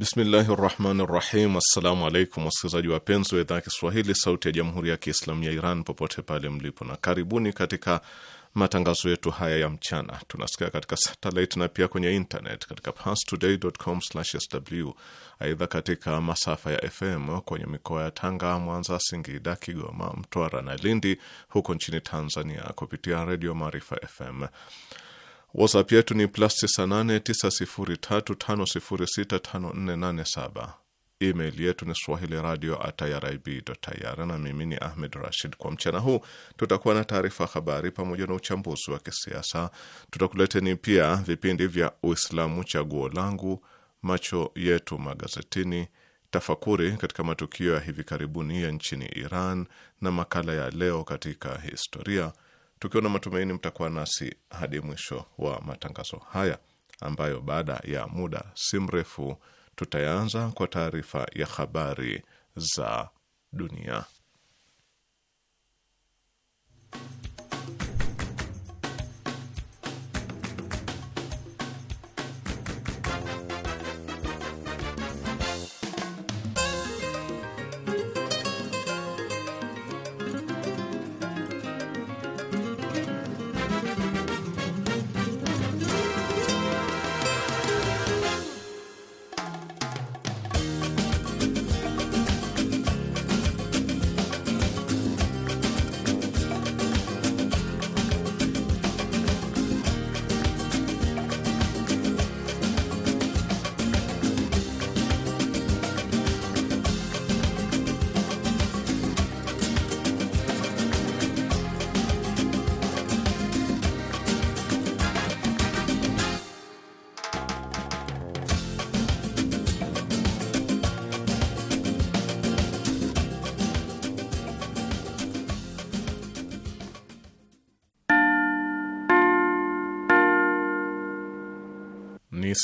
Bismillahi rahmani rahim. Assalamu alaikum wasikilizaji wapenzi wa idhaa ya Kiswahili sauti ya jamhuri ya Kiislamu ya Iran popote pale mlipo, na karibuni katika matangazo yetu haya ya mchana. Tunasikia katika satelit na pia kwenye internet katika parstoday.com/sw. Aidha, katika masafa ya FM kwenye mikoa ya Tanga, Mwanza, Singida, Kigoma, Mtwara na Lindi, huko nchini Tanzania kupitia redio Maarifa FM. WhatsApp yetu ni plus 989035065487. Email yetu ni swahili radio irib.ir, na mimi ni Ahmed Rashid. Kwa mchana huu tutakuwa na taarifa habari pamoja na uchambuzi wa kisiasa. Tutakuleteni pia vipindi vya Uislamu, chaguo langu, macho yetu magazetini, tafakuri katika matukio ya hivi karibuni ya nchini Iran na makala ya leo katika historia tukiwa na matumaini mtakuwa nasi hadi mwisho wa matangazo haya ambayo baada ya muda si mrefu tutayaanza kwa taarifa ya habari za dunia.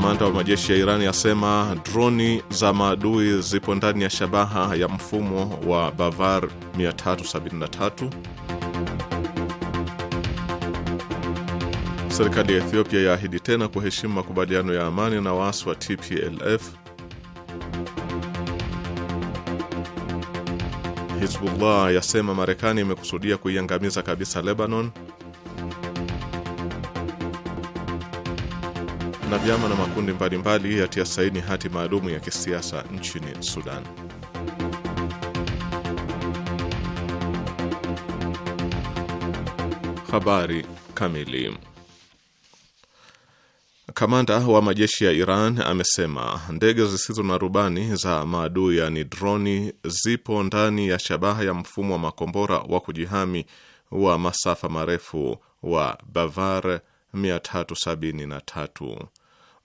Kamanda wa majeshi ya Irani asema droni za maadui zipo ndani ya shabaha ya mfumo wa Bavar 373. Serikali ya Ethiopia yaahidi tena kuheshimu makubaliano ya amani na waasi wa TPLF. Hizbullah yasema Marekani imekusudia kuiangamiza kabisa Lebanon. na vyama na makundi mbalimbali yatia saini hati maalumu ya kisiasa nchini Sudan. Habari kamili. Kamanda wa majeshi ya Iran amesema ndege zisizo na rubani za maadui, yaani droni, zipo ndani ya shabaha ya mfumo wa makombora wa kujihami wa masafa marefu wa Bavar 373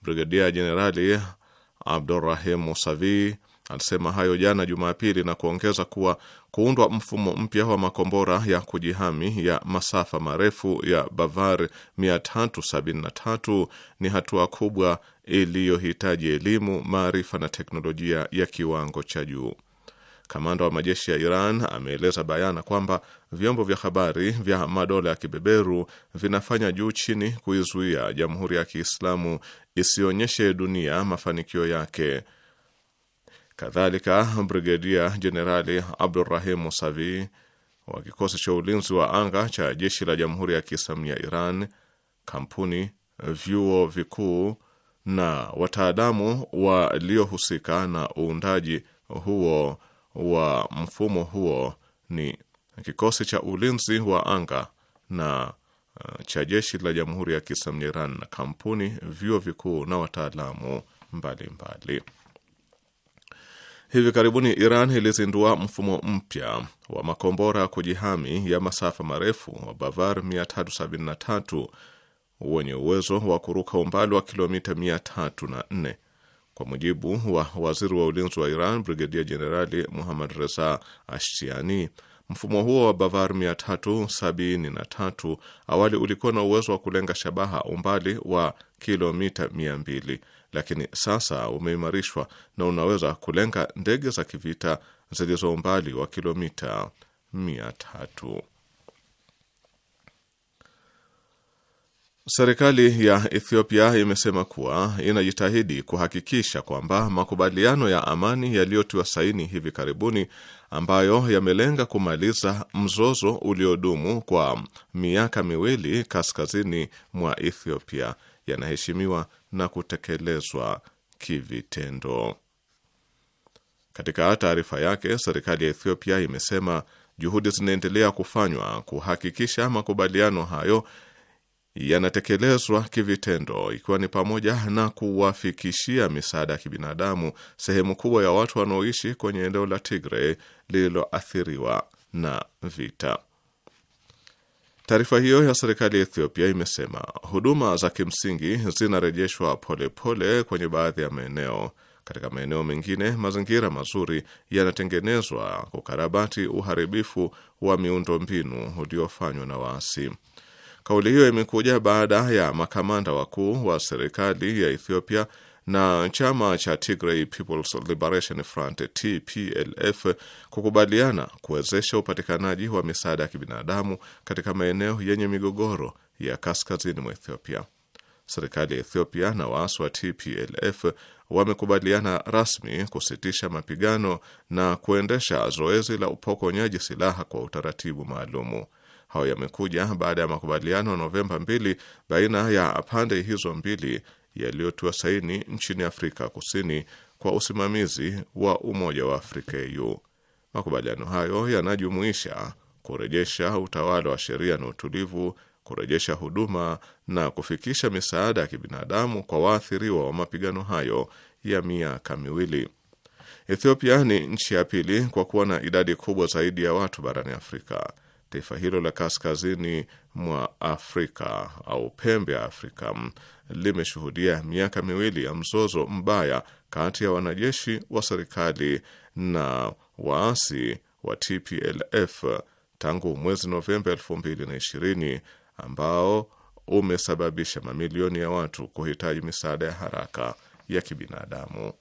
Brigedia Jenerali Abdurrahim Musavi alisema hayo jana Jumapili na kuongeza kuwa kuundwa mfumo mpya wa makombora ya kujihami ya masafa marefu ya Bavar 373 ni hatua kubwa iliyohitaji elimu, maarifa na teknolojia ya kiwango cha juu. Kamanda wa majeshi ya Iran ameeleza bayana kwamba vyombo vya habari vya madola ya kibeberu vinafanya juu chini kuizuia Jamhuri ya Kiislamu isionyeshe dunia mafanikio yake. Kadhalika, Brigedia Jenerali Abdurahim Musavi wa kikosi cha ulinzi wa anga cha jeshi la Jamhuri ya Kiislamu ya Iran, kampuni, vyuo vikuu na wataalamu waliohusika na uundaji huo wa mfumo huo ni kikosi cha ulinzi wa anga na Uh, cha jeshi la Jamhuri ya Kiislamu ya Iran na kampuni, vyuo vikuu na wataalamu mbalimbali. Hivi karibuni Iran ilizindua mfumo mpya wa makombora kujihami ya masafa marefu wa Bavar 373 wenye uwezo wa kuruka umbali wa kilomita 304. Kwa mujibu wa waziri wa ulinzi wa Iran, Brigedia Jenerali Muhammad Reza Ashtiani, Mfumo huo wa Bavar 373 awali ulikuwa na uwezo wa kulenga shabaha umbali wa kilomita 200, lakini sasa umeimarishwa na unaweza kulenga ndege za kivita zilizo umbali wa kilomita 300. Serikali ya Ethiopia imesema kuwa inajitahidi kuhakikisha kwamba makubaliano ya amani yaliyotiwa saini hivi karibuni ambayo yamelenga kumaliza mzozo uliodumu kwa miaka miwili kaskazini mwa Ethiopia yanaheshimiwa na kutekelezwa kivitendo. Katika taarifa yake, serikali ya Ethiopia imesema juhudi zinaendelea kufanywa kuhakikisha makubaliano hayo yanatekelezwa kivitendo, ikiwa ni pamoja na kuwafikishia misaada ya kibinadamu sehemu kubwa ya watu wanaoishi kwenye eneo la Tigray lililoathiriwa na vita. Taarifa hiyo ya serikali ya Ethiopia imesema huduma za kimsingi zinarejeshwa polepole kwenye baadhi ya maeneo. Katika maeneo mengine, mazingira mazuri yanatengenezwa kukarabati uharibifu wa miundombinu uliofanywa na waasi. Kauli hiyo imekuja baada ya makamanda wakuu wa serikali ya Ethiopia na chama cha Tigray People's Liberation Front TPLF kukubaliana kuwezesha upatikanaji wa misaada ya kibinadamu katika maeneo yenye migogoro ya kaskazini mwa Ethiopia. Serikali ya Ethiopia na waasi wa TPLF wamekubaliana rasmi kusitisha mapigano na kuendesha zoezi la upokonyaji silaha kwa utaratibu maalumu. Hayo yamekuja baada ya makubaliano Novemba mbili baina ya pande hizo mbili yaliyotiwa saini nchini Afrika Kusini kwa usimamizi wa Umoja wa Afrika EU. Makubaliano hayo yanajumuisha kurejesha utawala wa sheria na utulivu, kurejesha huduma na kufikisha misaada ya kibinadamu kwa waathiriwa wa mapigano hayo ya miaka miwili. Ethiopia ni nchi ya pili kwa kuwa na idadi kubwa zaidi ya watu barani Afrika taifa hilo la kaskazini mwa Afrika au pembe ya Afrika limeshuhudia miaka miwili ya mzozo mbaya kati ya wanajeshi wa serikali na waasi wa TPLF tangu mwezi Novemba 2020 ambao umesababisha mamilioni ya watu kuhitaji misaada ya haraka ya kibinadamu.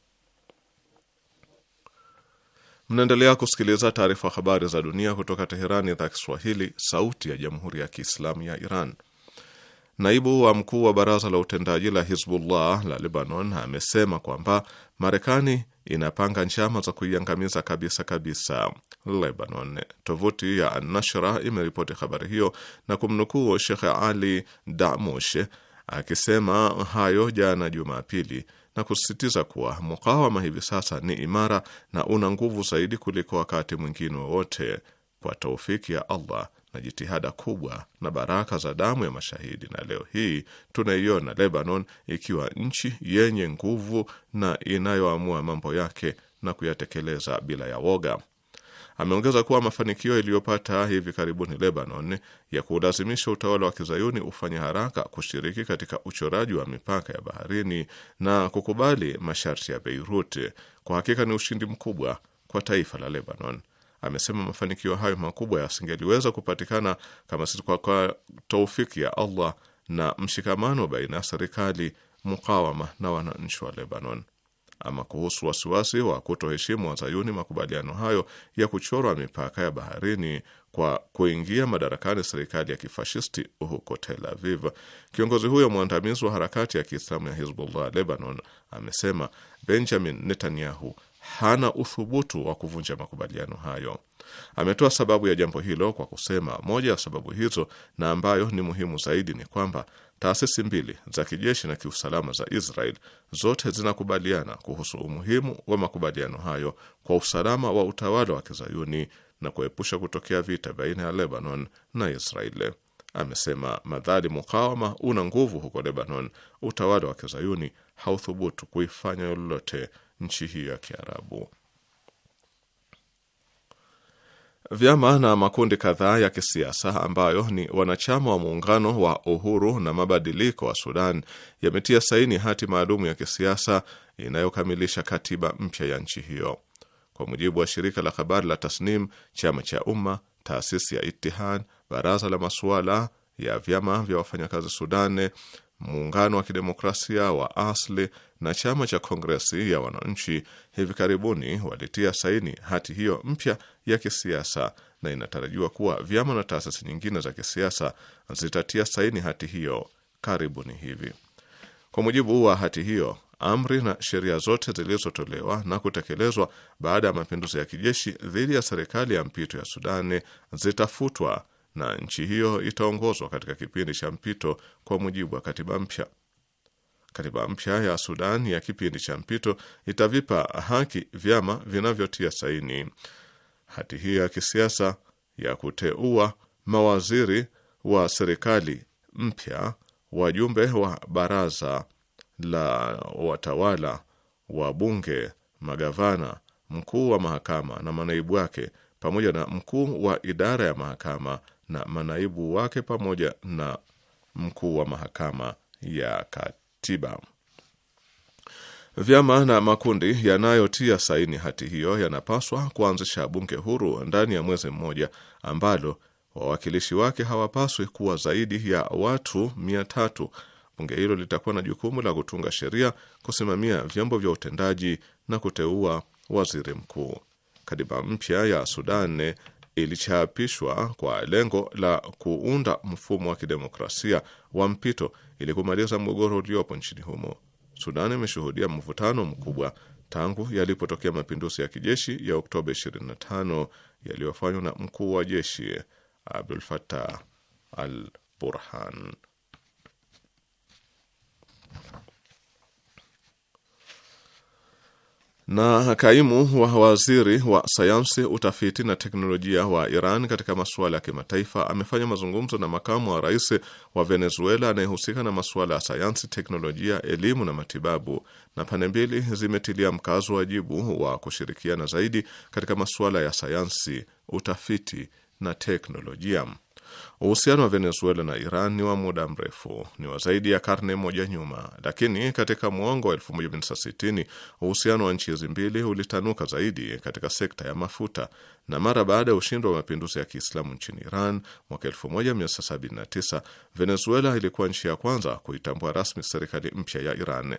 Mnaendelea kusikiliza taarifa habari za dunia kutoka Teherani, idhaa Kiswahili, sauti ya jamhuri ya kiislamu ya Iran. Naibu wa mkuu wa baraza la utendaji la Hizbullah la Lebanon amesema kwamba Marekani inapanga njama za kuiangamiza kabisa kabisa Lebanon. Tovuti ya Anashra imeripoti habari hiyo na kumnukuu Shekh Ali Damush akisema hayo jana Jumapili na kusisitiza kuwa mukawama hivi sasa ni imara na una nguvu zaidi kuliko wakati mwingine wowote kwa taufiki ya Allah na jitihada kubwa na baraka za damu ya mashahidi. Na leo hii tunaiona Lebanon ikiwa nchi yenye nguvu na inayoamua mambo yake na kuyatekeleza bila ya woga. Ameongeza kuwa mafanikio yaliyopata hivi karibuni Lebanon ya kuulazimisha utawala wa kizayuni ufanye haraka kushiriki katika uchoraji wa mipaka ya baharini na kukubali masharti ya Beirut kwa hakika ni ushindi mkubwa kwa taifa la Lebanon. Amesema mafanikio hayo makubwa yasingeliweza kupatikana kama si kwa taufiki ya Allah na mshikamano baina ya serikali, mukawama na wananchi wa Lebanon. Ama kuhusu wasiwasi wa kutoheshimu wazayuni makubaliano hayo ya kuchorwa mipaka ya baharini kwa kuingia madarakani serikali ya kifashisti huko Tel Aviv, kiongozi huyo mwandamizi wa harakati ya Kiislamu ya Hizbullah Lebanon amesema Benjamin Netanyahu hana uthubutu wa kuvunja makubaliano hayo. Ametoa sababu ya jambo hilo kwa kusema moja ya sababu hizo na ambayo ni muhimu zaidi ni kwamba Taasisi mbili za kijeshi na kiusalama za Israel zote zinakubaliana kuhusu umuhimu wa makubaliano hayo kwa usalama wa utawala wa kizayuni na kuepusha kutokea vita baina ya Lebanon na Israel. Amesema madhali mukawama una nguvu huko Lebanon, utawala wa kizayuni hauthubutu kuifanya lolote nchi hiyo ya Kiarabu. Vyama na makundi kadhaa ya kisiasa ambayo ni wanachama wa muungano wa uhuru na mabadiliko wa Sudan yametia saini hati maalum ya kisiasa inayokamilisha katiba mpya ya nchi hiyo. Kwa mujibu wa shirika la habari la Tasnim, chama cha Umma, taasisi ya Itihad, baraza la masuala ya vyama vya wafanyakazi Sudan muungano wa kidemokrasia wa asli na chama cha kongresi ya wananchi hivi karibuni walitia saini hati hiyo mpya ya kisiasa na inatarajiwa kuwa vyama na taasisi nyingine za kisiasa zitatia saini hati hiyo karibuni hivi. Kwa mujibu wa hati hiyo, amri na sheria zote zilizotolewa na kutekelezwa baada ya mapinduzi ya kijeshi dhidi ya serikali ya mpito ya Sudani zitafutwa na nchi hiyo itaongozwa katika kipindi cha mpito kwa mujibu wa katiba mpya. Katiba mpya ya Sudan ya kipindi cha mpito itavipa haki vyama vinavyotia saini hati hiyo ya kisiasa ya kuteua mawaziri wa serikali mpya, wajumbe wa baraza la watawala, wabunge, magavana, mkuu wa mahakama na manaibu wake, pamoja na mkuu wa idara ya mahakama na manaibu wake pamoja na mkuu wa mahakama ya katiba. Vyama na makundi yanayotia saini hati hiyo yanapaswa kuanzisha bunge huru ndani ya mwezi mmoja ambalo wawakilishi wake hawapaswi kuwa zaidi ya watu mia tatu. Bunge hilo litakuwa na jukumu la kutunga sheria, kusimamia vyombo vya utendaji na kuteua waziri mkuu. Katiba mpya ya Sudan ilichapishwa kwa lengo la kuunda mfumo wa kidemokrasia wa mpito ili kumaliza mgogoro uliopo nchini humo. Sudan imeshuhudia mvutano mkubwa tangu yalipotokea mapinduzi ya kijeshi ya Oktoba 25 yaliyofanywa na mkuu wa jeshi Abdul Fattah al-Burhan. na kaimu wa waziri wa sayansi, utafiti na teknolojia wa Iran katika masuala ya kimataifa amefanya mazungumzo na makamu wa rais wa Venezuela anayehusika na masuala ya sayansi, teknolojia, elimu na matibabu, na pande mbili zimetilia mkazo wajibu wa kushirikiana zaidi katika masuala ya sayansi, utafiti na teknolojia. Uhusiano wa Venezuela na Iran ni wa muda mrefu, ni wa zaidi ya karne moja nyuma, lakini katika mwongo wa 1960 uhusiano wa nchi hizi mbili ulitanuka zaidi katika sekta ya mafuta, na mara baada ya ushindi wa mapinduzi ya Kiislamu nchini Iran mwaka 1979, Venezuela ilikuwa nchi ya kwanza kuitambua rasmi serikali mpya ya Iran.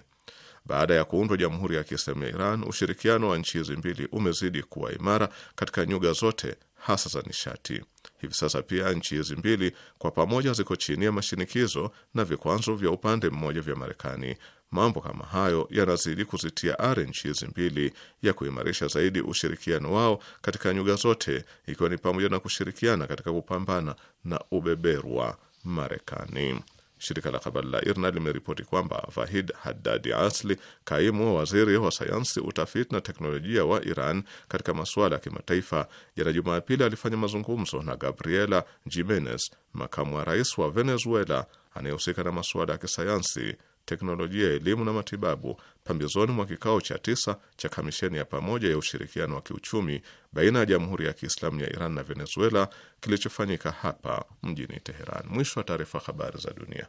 Baada ya kuundwa Jamhuri ya Kiislamu ya Iran, ushirikiano wa nchi hizi mbili umezidi kuwa imara katika nyuga zote, hasa za nishati. Hivi sasa pia nchi hizi mbili kwa pamoja ziko chini ya mashinikizo na vikwazo vya upande mmoja vya Marekani. Mambo kama hayo yanazidi kuzitia ari nchi hizi mbili ya kuimarisha zaidi ushirikiano wao katika nyuga zote, ikiwa ni pamoja na kushirikiana katika kupambana na ubeberu wa Marekani. Shirika la habari la IRNA limeripoti kwamba Vahid Haddadi Asli, kaimu wa waziri wa sayansi, utafiti na teknolojia wa Iran katika masuala ya kimataifa, jana Jumapili alifanya mazungumzo na Gabriela Jimenez, makamu wa rais wa Venezuela anayehusika na masuala ya kisayansi teknolojia ya elimu na matibabu pambizoni mwa kikao cha tisa cha kamisheni ya pamoja ya ushirikiano wa kiuchumi baina ya Jamhuri ya Kiislamu ya Iran na Venezuela kilichofanyika hapa mjini Teheran. Mwisho wa taarifa. Habari za dunia.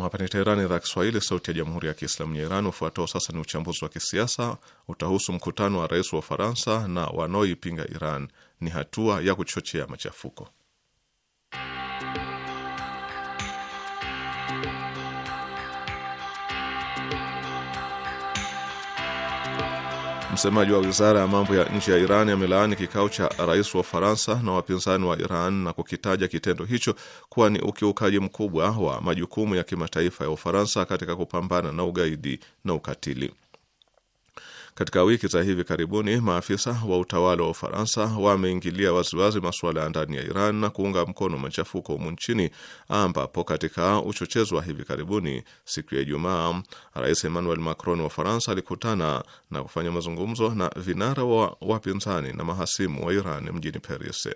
Naam, hapa ni Teherani, idhaa Kiswahili, sauti ya jamhuri ya kiislamu ya Iran. Ufuatao sasa ni uchambuzi wa kisiasa, utahusu mkutano wa rais wa Ufaransa na wanaoipinga Iran, ni hatua ya kuchochea machafuko Msemaji wa wizara ya mambo ya nje ya Iran amelaani kikao cha rais wa ufaransa na wapinzani wa Iran na kukitaja kitendo hicho kuwa ni ukiukaji mkubwa wa majukumu ya kimataifa ya Ufaransa katika kupambana na ugaidi na ukatili. Katika wiki za hivi karibuni, maafisa wa utawala wa Ufaransa wameingilia waziwazi masuala ya ndani ya Iran na kuunga mkono machafuko humu nchini, ambapo katika uchochezi wa hivi karibuni, siku ya Ijumaa, Rais Emmanuel Macron wa Ufaransa alikutana na kufanya mazungumzo na vinara wa wapinzani na mahasimu wa Iran mjini Paris.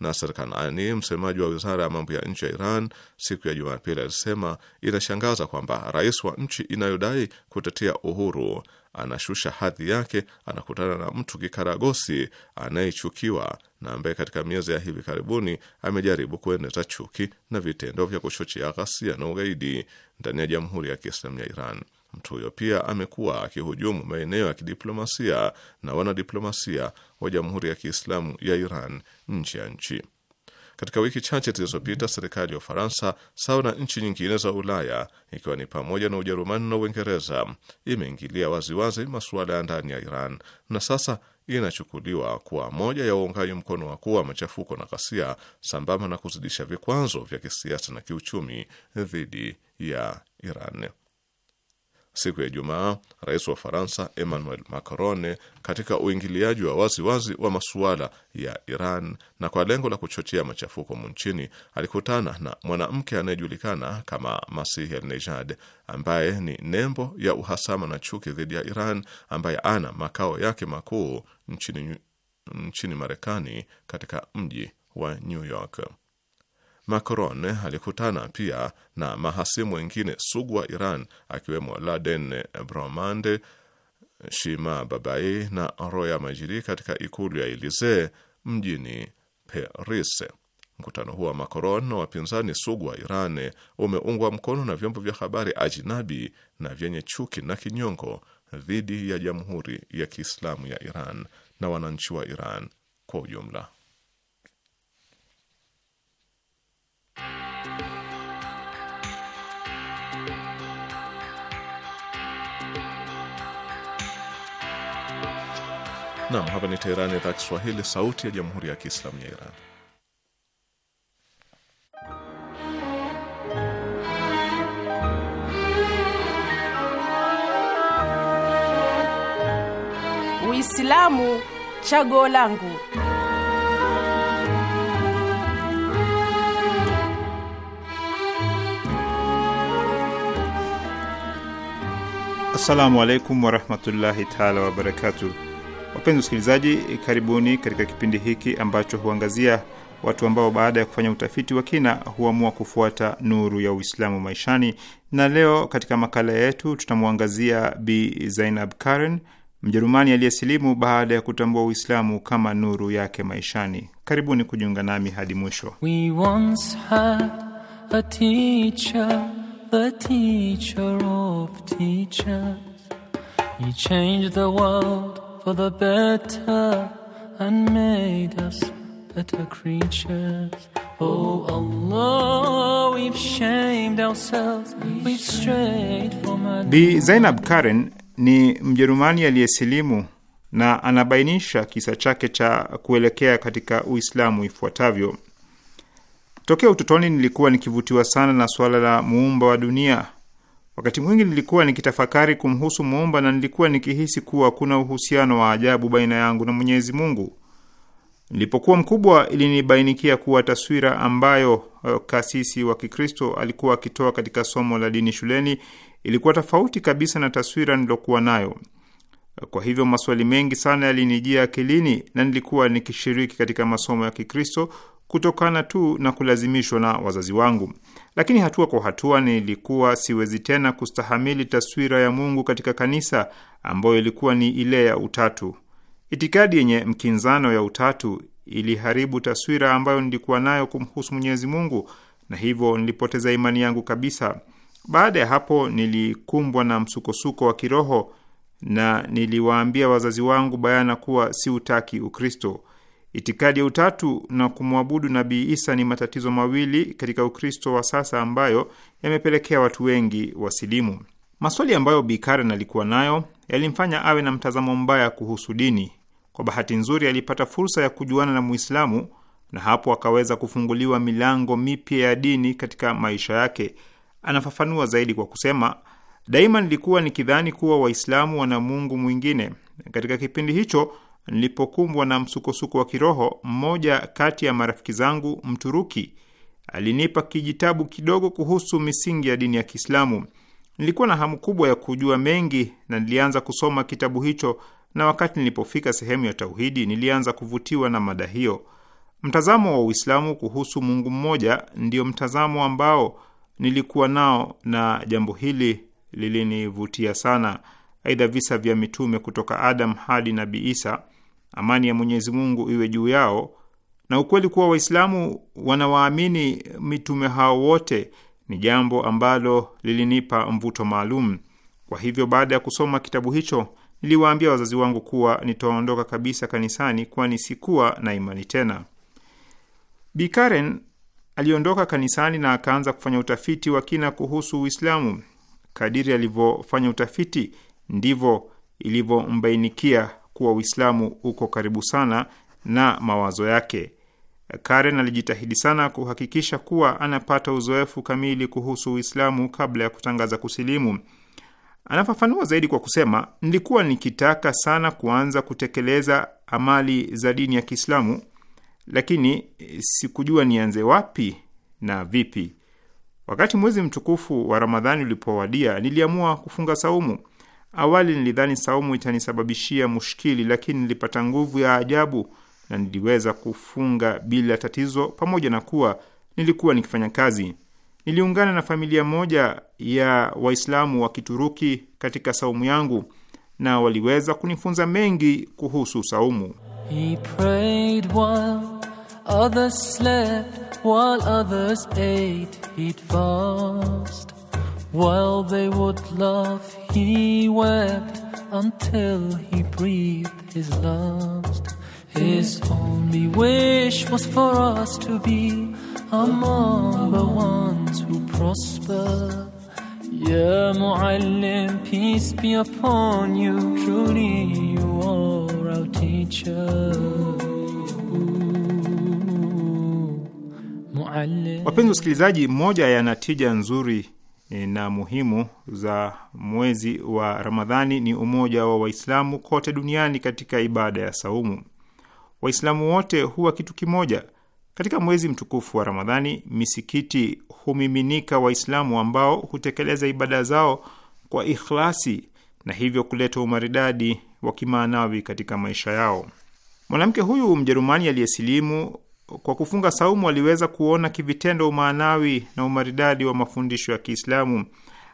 Naser Kanani, msemaji wa wizara ya mambo ya nje ya Iran, siku ya Jumapili alisema inashangaza kwamba rais wa nchi inayodai kutetea uhuru anashusha hadhi yake, anakutana na mtu kikaragosi anayechukiwa na ambaye katika miezi ya hivi karibuni amejaribu kueneza chuki na vitendo vya kuchochea ghasia na ugaidi ndani ya Jamhuri ya Kiislamu ya Iran. Mtu huyo pia amekuwa akihujumu maeneo ya kidiplomasia na wanadiplomasia wa Jamhuri ya Kiislamu ya Iran nje ya nchi. Katika wiki chache zilizopita, serikali ya Ufaransa sawa na nchi nyingine za Ulaya, ikiwa ni pamoja na Ujerumani na Uingereza, imeingilia waziwazi masuala ya ndani ya Iran na sasa inachukuliwa kuwa moja ya uungaji mkono wakuu wa machafuko na ghasia, sambamba na kuzidisha vikwazo vya kisiasa na kiuchumi dhidi ya Iran siku ya Ijumaa, rais wa Faransa Emmanuel Macron katika uingiliaji wa waziwazi wazi wa masuala ya Iran na kwa lengo la kuchochea machafuko munchini, alikutana na mwanamke anayejulikana kama Masihi Alnejad ambaye ni nembo ya uhasama na chuki dhidi ya Iran, ambaye ana makao yake makuu nchini, nchini Marekani katika mji wa New York. Macron alikutana pia na mahasimu wengine sugu wa Iran akiwemo Laden Bromande, Shima Babai na Roya majiri katika ikulu ya Elisee mjini Paris. Mkutano huo wa Macron na wapinzani sugu wa Iran umeungwa mkono na vyombo vya habari ajinabi na vyenye chuki na kinyongo dhidi ya Jamhuri ya Kiislamu ya Iran na wananchi wa Iran kwa ujumla. Nam, hapa ni Teherani, idhaa Kiswahili, sauti ya jamhuri ya kiislamu ya Iran. Uislamu chaguo langu. Assalamu alaikum warahmatullahi taala wabarakatu. Wapenzi wasikilizaji, karibuni katika kipindi hiki ambacho huangazia watu ambao baada ya kufanya utafiti wa kina huamua kufuata nuru ya Uislamu maishani. Na leo katika makala yetu tutamwangazia Bi Zainab Karen, Mjerumani aliyesilimu baada ya kutambua Uislamu kama nuru yake maishani. Karibuni kujiunga nami hadi mwisho. We once had a teacher the teacher of teachers. He changed the world for the better and made us better creatures. Oh Allah, we've shamed ourselves, we've strayed from our... Bi Zainab Karen ni Mjerumani aliyesilimu na anabainisha kisa chake cha kuelekea katika Uislamu ifuatavyo. Tokea utotoni nilikuwa nikivutiwa sana na suala la muumba wa dunia. Wakati mwingi nilikuwa nikitafakari kumhusu muumba na nilikuwa nikihisi kuwa kuna uhusiano wa ajabu baina yangu na Mwenyezi Mungu. Nilipokuwa mkubwa, ilinibainikia kuwa taswira ambayo eh, kasisi wa Kikristo alikuwa akitoa katika somo la dini shuleni ilikuwa tofauti kabisa na taswira nilokuwa nayo. Kwa hivyo maswali mengi sana yalinijia akilini na nilikuwa nikishiriki katika masomo ya Kikristo kutokana tu na kulazimishwa na wazazi wangu, lakini hatua kwa hatua nilikuwa siwezi tena kustahamili taswira ya Mungu katika kanisa ambayo ilikuwa ni ile ya utatu. Itikadi yenye mkinzano ya utatu iliharibu taswira ambayo nilikuwa nayo kumhusu Mwenyezi Mungu, na hivyo nilipoteza imani yangu kabisa. Baada ya hapo, nilikumbwa na msukosuko wa kiroho na niliwaambia wazazi wangu bayana kuwa si utaki Ukristo. Itikadi ya utatu na kumwabudu Nabii Isa ni matatizo mawili katika Ukristo wa sasa ambayo yamepelekea watu wengi wasilimu. Maswali ambayo Bi Karen alikuwa nayo yalimfanya awe na mtazamo mbaya kuhusu dini. Kwa bahati nzuri, alipata fursa ya kujuana na Muislamu na hapo akaweza kufunguliwa milango mipya ya dini katika maisha yake. Anafafanua zaidi kwa kusema, daima nilikuwa nikidhani kuwa Waislamu wana Mungu mwingine. Katika kipindi hicho nilipokumbwa na msukosuko wa kiroho, mmoja kati ya marafiki zangu Mturuki alinipa kijitabu kidogo kuhusu misingi ya dini ya Kiislamu. Nilikuwa na hamu kubwa ya kujua mengi na nilianza kusoma kitabu hicho, na wakati nilipofika sehemu ya tauhidi, nilianza kuvutiwa na mada hiyo. Mtazamo wa Uislamu kuhusu Mungu mmoja ndio mtazamo ambao nilikuwa nao na jambo hili lilinivutia sana. Aidha, visa vya mitume kutoka Adam hadi Nabii Isa amani ya Mwenyezi Mungu iwe juu yao, na ukweli kuwa Waislamu wanawaamini mitume hao wote ni jambo ambalo lilinipa mvuto maalum. Kwa hivyo, baada ya kusoma kitabu hicho, niliwaambia wazazi wangu kuwa nitaondoka kabisa kanisani, kwani sikuwa na imani tena. Bi Karen aliondoka kanisani na akaanza kufanya utafiti wa kina kuhusu Uislamu. Kadiri alivyofanya utafiti ndivyo ilivyombainikia kuwa Uislamu uko karibu sana na mawazo yake. Karen alijitahidi sana kuhakikisha kuwa anapata uzoefu kamili kuhusu Uislamu kabla ya kutangaza kusilimu. Anafafanua zaidi kwa kusema, nilikuwa nikitaka sana kuanza kutekeleza amali za dini ya Kiislamu, lakini sikujua nianze wapi na vipi. Wakati mwezi mtukufu wa Ramadhani ulipowadia, niliamua kufunga saumu. Awali nilidhani saumu itanisababishia mushkili, lakini nilipata nguvu ya ajabu na niliweza kufunga bila tatizo, pamoja na kuwa nilikuwa nikifanya kazi. Niliungana na familia moja ya Waislamu wa Kituruki katika saumu yangu na waliweza kunifunza mengi kuhusu saumu. He prayed while others slept, while others ate, fast. While they would laugh, he wept until he breathed his last. His only wish was for us to be among the ones who prosper. Ya Muallim, peace be upon you, truly you are our teacher. Wapenzi wasikilizaji, moja ya natija nzuri E, na muhimu za mwezi wa Ramadhani ni umoja wa Waislamu kote duniani katika ibada ya saumu. Waislamu wote huwa kitu kimoja katika mwezi mtukufu wa Ramadhani. Misikiti humiminika Waislamu ambao hutekeleza ibada zao kwa ikhlasi na hivyo kuleta umaridadi wa kimaanawi katika maisha yao. Mwanamke huyu Mjerumani aliyesilimu kwa kufunga saumu aliweza kuona kivitendo umaanawi na umaridadi wa mafundisho ya Kiislamu.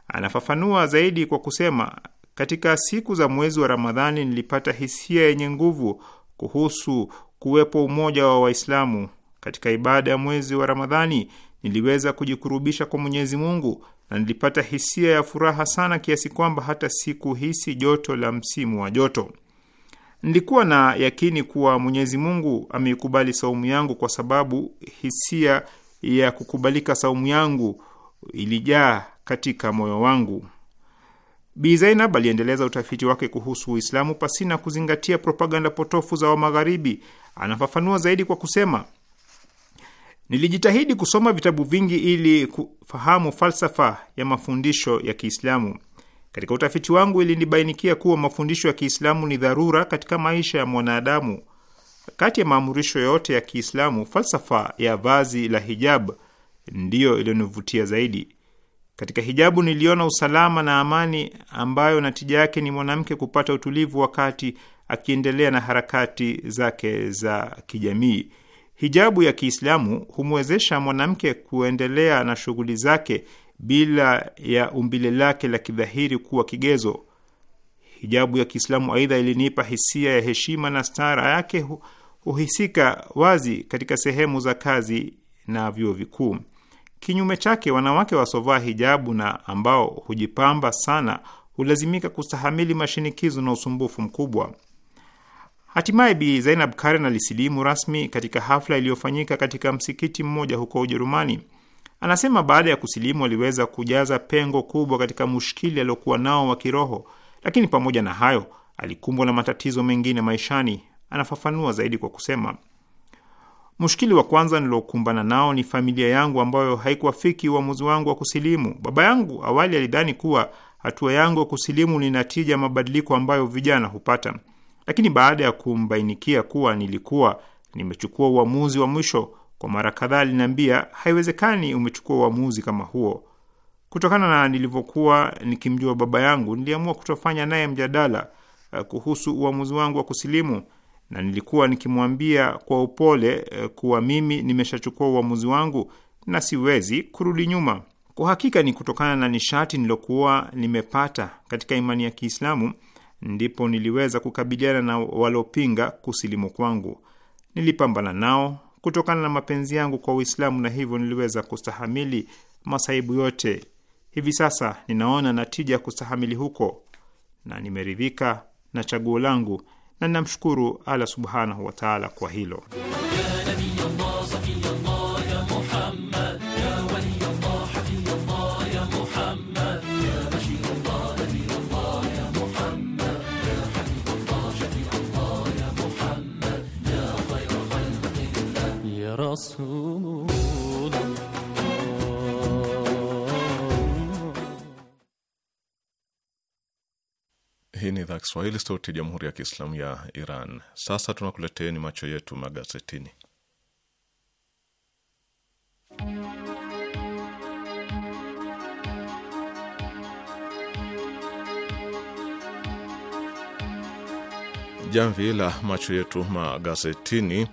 Anafafanua zaidi kwa kusema, katika siku za mwezi wa Ramadhani nilipata hisia yenye nguvu kuhusu kuwepo umoja wa Waislamu. Katika ibada ya mwezi wa Ramadhani niliweza kujikurubisha kwa Mwenyezi Mungu na nilipata hisia ya furaha sana kiasi kwamba hata sikuhisi joto la msimu wa joto. Nilikuwa na yakini kuwa Mwenyezi Mungu ameikubali saumu yangu kwa sababu hisia ya kukubalika saumu yangu ilijaa katika moyo wangu. Bi Zainab aliendeleza utafiti wake kuhusu Uislamu pasina kuzingatia propaganda potofu za Wamagharibi. Anafafanua zaidi kwa kusema, nilijitahidi kusoma vitabu vingi ili kufahamu falsafa ya mafundisho ya Kiislamu. Katika utafiti wangu ilinibainikia kuwa mafundisho ya Kiislamu ni dharura katika maisha ya mwanadamu. Kati ya maamurisho yote ya Kiislamu, falsafa ya vazi la hijab ndiyo iliyonivutia zaidi. Katika hijabu niliona usalama na amani, ambayo natija yake ni mwanamke kupata utulivu wakati akiendelea na harakati zake za kijamii. Hijabu ya Kiislamu humwezesha mwanamke kuendelea na shughuli zake bila ya umbile lake la kidhahiri kuwa kigezo. Hijabu ya Kiislamu aidha ilinipa hisia ya heshima na stara yake huhisika wazi katika sehemu za kazi na vyuo vikuu. Kinyume chake, wanawake wasovaa hijabu na ambao hujipamba sana hulazimika kustahamili mashinikizo na usumbufu mkubwa. Hatimaye Bi Zainab Karen alisilimu rasmi katika hafla iliyofanyika katika msikiti mmoja huko Ujerumani. Anasema baada ya kusilimu aliweza kujaza pengo kubwa katika mushkili aliokuwa nao wa kiroho, lakini pamoja na hayo alikumbwa na matatizo mengine maishani. Anafafanua zaidi kwa kusema, mushkili wa kwanza nilokumbana nao ni familia yangu ambayo haikuwafiki uamuzi wangu wa kusilimu. Baba yangu awali alidhani kuwa hatua yangu ya kusilimu ni natija mabadiliko ambayo vijana hupata, lakini baada ya kumbainikia kuwa nilikuwa nimechukua uamuzi wa mwisho kwa mara kadhaa aliniambia, haiwezekani umechukua uamuzi kama huo. Kutokana na nilivyokuwa nikimjua baba yangu, niliamua kutofanya naye mjadala eh, kuhusu uamuzi wangu wa kusilimu, na nilikuwa nikimwambia kwa upole eh, kuwa mimi nimeshachukua uamuzi wangu na siwezi kurudi nyuma. Kwa hakika ni kutokana na nishati nilokuwa nimepata katika imani ya Kiislamu ndipo niliweza kukabiliana na walopinga kusilimu kwangu. Nilipambana nao kutokana na mapenzi yangu kwa Uislamu na hivyo niliweza kustahamili masaibu yote. Hivi sasa ninaona natija ya kustahamili huko na nimeridhika na chaguo langu na ninamshukuru Allah subhanahu wataala kwa hilo. Resulullah Hii ni idhaa Kiswahili sauti ya jamhuri ya kiislamu ya Iran. Sasa tunakuleteeni macho yetu magazetini. Jamvi la macho yetu magazetini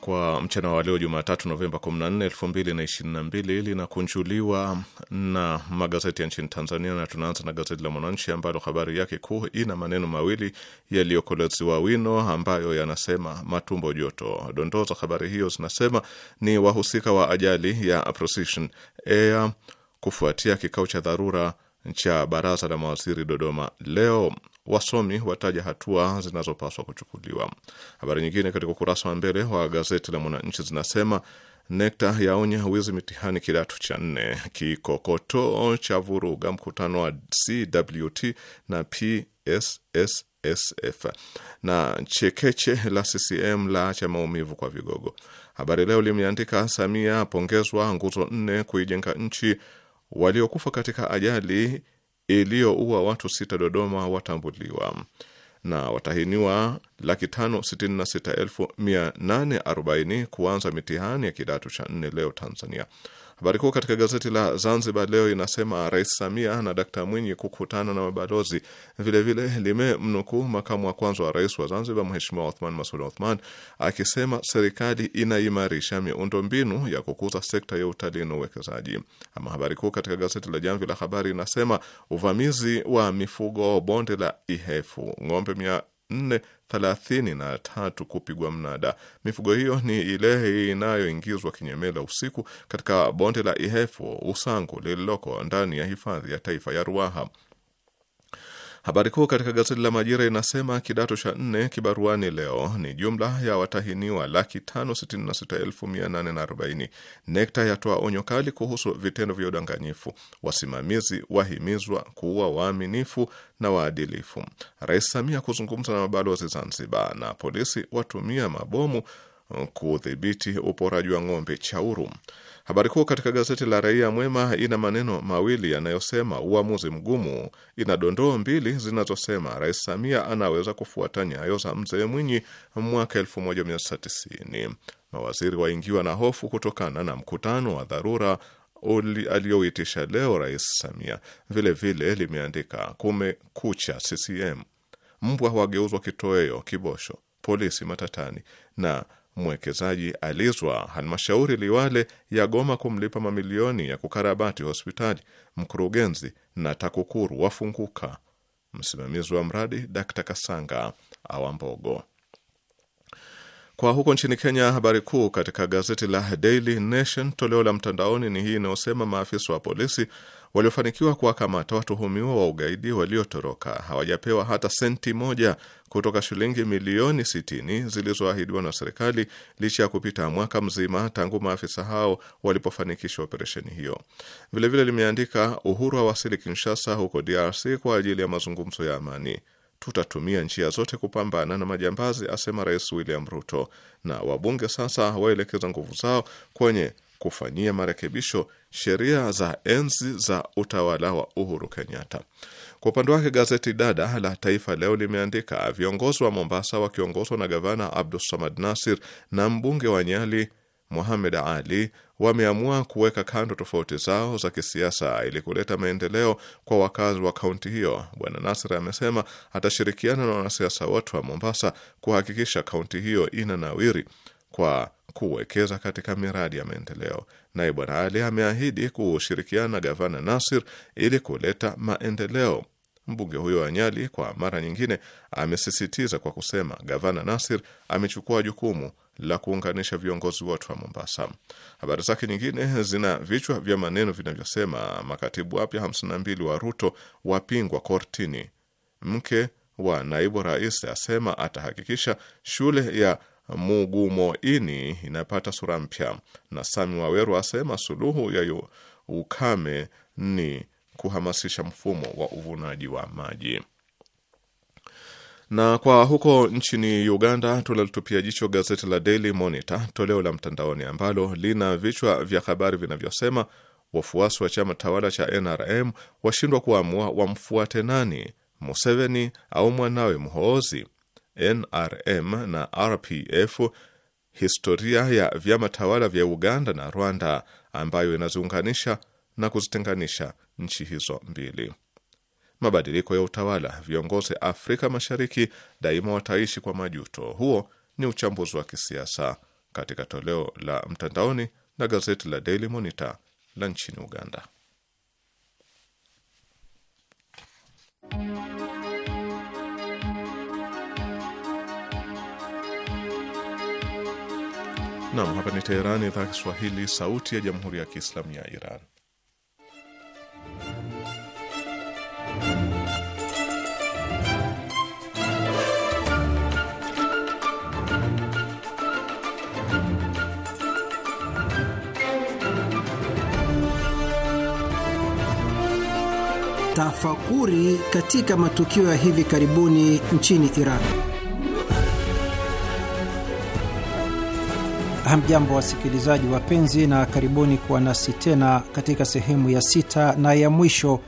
kwa mchana wa leo Jumatatu Novemba 14, 2022 linakunjuliwa na magazeti ya nchini Tanzania, na tunaanza na gazeti la Mwananchi ambalo habari yake kuu ina maneno mawili yaliyokolezewa wino ambayo yanasema matumbo joto. Dondoo za habari hiyo zinasema ni wahusika wa ajali ya Precision Air kufuatia kikao cha dharura cha baraza la mawaziri Dodoma leo Wasomi wataja hatua zinazopaswa kuchukuliwa. Habari nyingine katika ukurasa wa mbele wa gazeti la Mwananchi zinasema Nekta yaonya wizi mitihani kidato cha nne, kikokotoo cha vuruga mkutano wa CWT na PSSSF, na chekeche la CCM laacha maumivu kwa vigogo. Habari Leo limeandika Samia apongezwa nguzo nne kuijenga nchi, waliokufa katika ajali iliyoua watu sita Dodoma watambuliwa na watahiniwa laki tano sitini na sita elfu mia nane arobaini kuanza mitihani ya kidato cha nne leo Tanzania. Habari kuu katika gazeti la Zanzibar Leo inasema Rais Samia na Dkt Mwinyi kukutana na mabalozi. Vilevile limemnukuu makamu wa kwanza wa rais wa Zanzibar Mheshimiwa Othman Masud Othman akisema serikali inaimarisha miundo mbinu ya kukuza sekta ya utalii na uwekezaji. Ama habari kuu katika gazeti la Jamvi la Habari inasema uvamizi wa mifugo bonde la Ihefu, ng'ombe mia 433 kupigwa mnada. Mifugo hiyo ni ile inayoingizwa kinyemela usiku katika bonde la Ihefu Usangu lililoko ndani ya hifadhi ya taifa ya Ruaha. Habari kuu katika gazeti la Majira inasema kidato cha nne kibaruani leo ni jumla ya watahiniwa laki tano sitini na sita elfu mia nane na arobaini. Nekta yatoa onyo kali kuhusu vitendo vya udanganyifu. Wasimamizi wahimizwa kuwa waaminifu na waadilifu. Rais Samia kuzungumza na mabalozi Zanzibar, na polisi watumia mabomu kudhibiti uporaji wa ng'ombe Chauru. Habari kuu katika gazeti la Raia Mwema ina maneno mawili yanayosema uamuzi mgumu. Ina dondoo mbili zinazosema Rais Samia anaweza kufuata nyayo za Mzee Mwinyi mwaka 1990. Mawaziri waingiwa na hofu kutokana na mkutano wa dharura aliyoitisha leo Rais Samia. Vilevile limeandika kumekucha CCM, mbwa wageuzwa kitoweo, kibosho polisi matatani na mwekezaji alizwa, halmashauri Liwale ya goma kumlipa mamilioni ya kukarabati hospitali, mkurugenzi na TAKUKURU wafunguka, msimamizi wa mradi d Kasanga awambogo kwa huko nchini Kenya, habari kuu katika gazeti la Daily Nation toleo la mtandaoni ni hii inayosema maafisa wa polisi waliofanikiwa kuwakamata watuhumiwa wa ugaidi waliotoroka hawajapewa hata senti moja kutoka shilingi milioni 60 zilizoahidiwa na serikali licha ya kupita mwaka mzima tangu maafisa hao walipofanikisha operesheni hiyo. Vilevile limeandika Uhuru awasili Kinshasa huko DRC kwa ajili ya mazungumzo ya amani. Tutatumia njia zote kupambana na majambazi, asema Rais William Ruto. Na wabunge sasa waelekeza nguvu zao kwenye kufanyia marekebisho sheria za enzi za utawala wa Uhuru Kenyatta. Kwa upande wake gazeti dada la Taifa Leo limeandika viongozi wa Mombasa wakiongozwa na gavana Abdussamad Nasir na mbunge wa Nyali muhamed Ali wameamua kuweka kando tofauti zao za kisiasa ili kuleta maendeleo kwa wakazi wa kaunti hiyo. Bwana Nasir amesema atashirikiana na wanasiasa wote wa Mombasa kuhakikisha kaunti hiyo ina nawiri kwa kuwekeza katika miradi ya maendeleo. Naye Bwana Ali ameahidi kushirikiana na gavana Nasir ili kuleta maendeleo. Mbunge huyo wa Nyali kwa mara nyingine amesisitiza kwa kusema gavana Nasir amechukua jukumu la kuunganisha viongozi wote wa Mombasa. Habari zake nyingine zina vichwa vya maneno vinavyosema makatibu wapya 52 wa Ruto wapingwa kortini, mke wa naibu rais asema atahakikisha shule ya Mugumoini inapata sura mpya, na Sami Waweru asema suluhu ya yu, ukame ni kuhamasisha mfumo wa uvunaji wa maji. Na kwa huko nchini Uganda, tunalitupia jicho gazeti la Daily Monitor toleo la mtandaoni ambalo lina vichwa vya habari vinavyosema wafuasi wa chama tawala cha NRM washindwa kuamua wamfuate nani, Museveni au mwanawe Muhoozi. NRM na RPF, historia ya vyama tawala vya Uganda na Rwanda ambayo inaziunganisha na kuzitenganisha nchi hizo mbili. Mabadiliko ya utawala, viongozi Afrika Mashariki daima wataishi kwa majuto. Huo ni uchambuzi wa kisiasa katika toleo la mtandaoni na gazeti la Daily Monitor la nchini Uganda. nam hapa ni Teherani, idhaa Kiswahili, sauti ya jamhuri ya kiislamu ya Iran. Tafakuri katika matukio ya hivi karibuni nchini Iran. Hamjambo wasikilizaji wapenzi, na karibuni kuwa nasi tena katika sehemu ya sita na ya mwisho